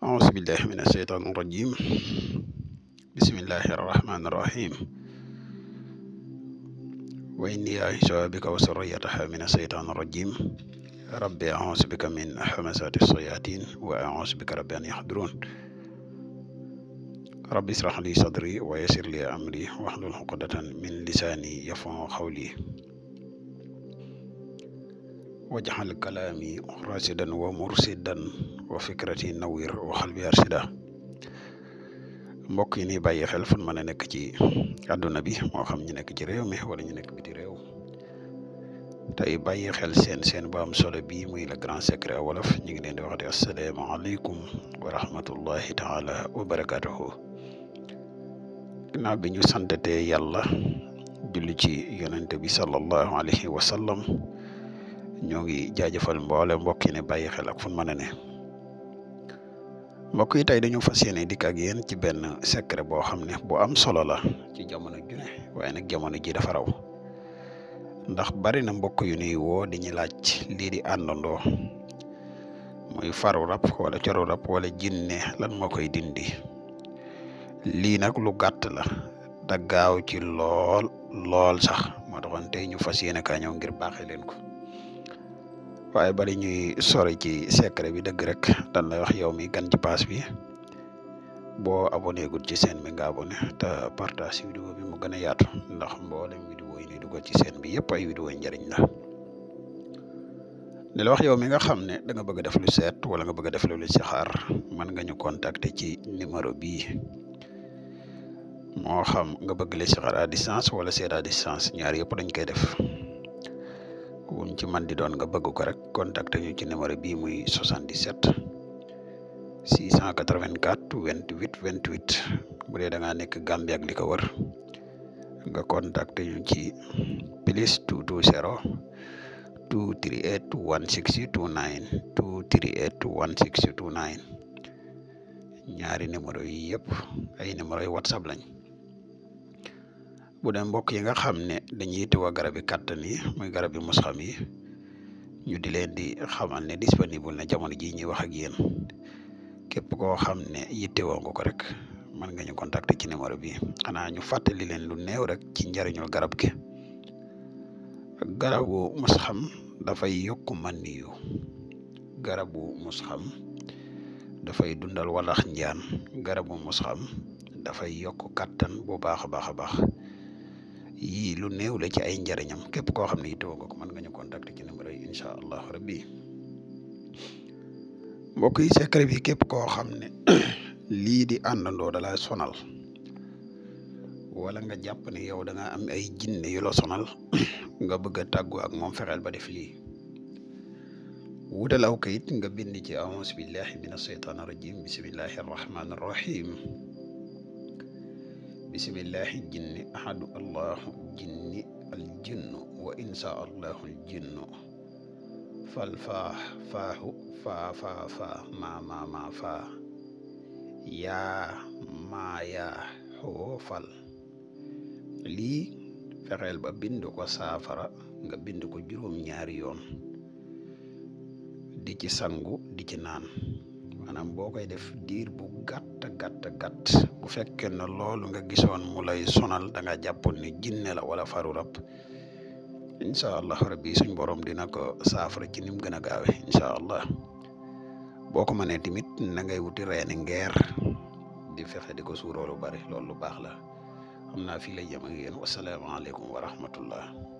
أعوذ بالله من الشيطان الرجيم بسم الله الرحمن الرحيم وإني أعيش بك وسريتها من الشيطان الرجيم ربي أعوذ بك من حمسات الشياطين وأعوذ بك ربي أن يحضرون ربي اشرح لي صدري ويسر لي أمري واحلل عقدة من لساني يفهم قولي وجعل كلامي راشدا ومرشدا وفكرتي نوير وقلبي ارشدا مبوك ني باي خيل فن مانا نيك تي ادونا بي مو خام ني نيك تي ريو مي ولا ني نيك بيتي ريو تاي باي خيل سين سين بام سولو بي موي لا غران سيكري اولف ني نين دي وخدي السلام عليكم ورحمه الله تعالى وبركاته كنا بي ني سانتي يالا جولي تي صلى الله عليه وسلم ñoo ngi jaajëfal mboole mbokk yi ne bàyyi xel ak fu mën a ne mbokk yi tey dañu fas yéene dikk ak yéen ci benn secret boo xam ne bu am solo la ci jamono ju ne waaye nag jamono ji dafa raw ndax bari na mbokk yu nuy woo di ñu laaj lii di àndandoo muy faru rab wala coru rab wala jinne lan moo koy dindi lii nag lu gàtt la da gaaw ci lool lool sax moo taxoon tey ñu fas yéene kaa ngir baaxee leen ko waaye bari ñuy sori ci secret bi dëgg rek dan lay wax yow mi gan ci paas bi boo abonné gul ci seen bi nga abonné te partage vidéo bi mu gën a yaatu ndax mboolem vidéo yi ni dugal ci seen bi yëpp ay vidéo njariñ la di la wax yow mi nga xam ne danga nga bëgg def lu seet wala nga bëgg a def lu saxaar mën nga ñu contacter ci numéro bii moo xam nga bëgg l'istixaar à distance wala seet à distance ñaar yëpp dañ koy def wum ci man di doon nga bëgg ko rek contacté ñu ci numéro bii muy 77 684 28 28 bu dee da ngaa nekk Gambie ak li ko wër nga contacté ñu ci plus 220 238 160 29 238 160 29 ñaari numéro yi yëpp ay numéro yi WhatsApp lañu bu dee mbokk yi nga xam ne dañuy yittewoo garab yi kàttan yi muy garab yi mosxam yi ñu di leen di xamal ne disponible na jamono jii ñuy wax ak yéen képp koo xam ne yitte nga ko rek mën nga ñu contacter ci numéro bi xanaa ñu fàttali leen lu néew rek ci njariñul garab gi garabu mosxam dafay yokk man garabu mosxam dafay dundal walax njaan garabu mosxam dafay yokk kattan bu baax a baax a baax yi lu neew la ci ay njariñam képp koo xam ne itoo ko mën nga ñu ci numéro yi allah rabbi mbokk yi secret bi képp koo xam ne lii di àndandoo da la sonal wala nga jàpp ne yow da nga am ay jinne yu la sonal nga bëgg a tàggu ak moom fexeel ba def lii wutal kayit nga bind ci billahi min rajim arrahim bisimillahi jinni ahadu allahu jinni aljinnu wa insa allahu aljinnu falfah fahu fa fa fa ma ma ma fa ya ma ya howo fal li fexeel ba bind ko saafara nga bind ko juróom ñaari yoon di ci sangu di ci naan maanaam boo koy def diir bu gàtt gàtt gàtt bu fekkee ne loolu nga gisoon mu lay sonal da nga jàppoon ni jinne la wala faru rab incha allah rabbi suñ borom dina ko saafara ci ni mu gën a gaawee incha allah boo ko mënee tamit na ngay wuti reeni ngeer di fexe di ko suuroo lu bari lool lu baax la xam naa fii la jëm ak yéen wasalaamaaleykum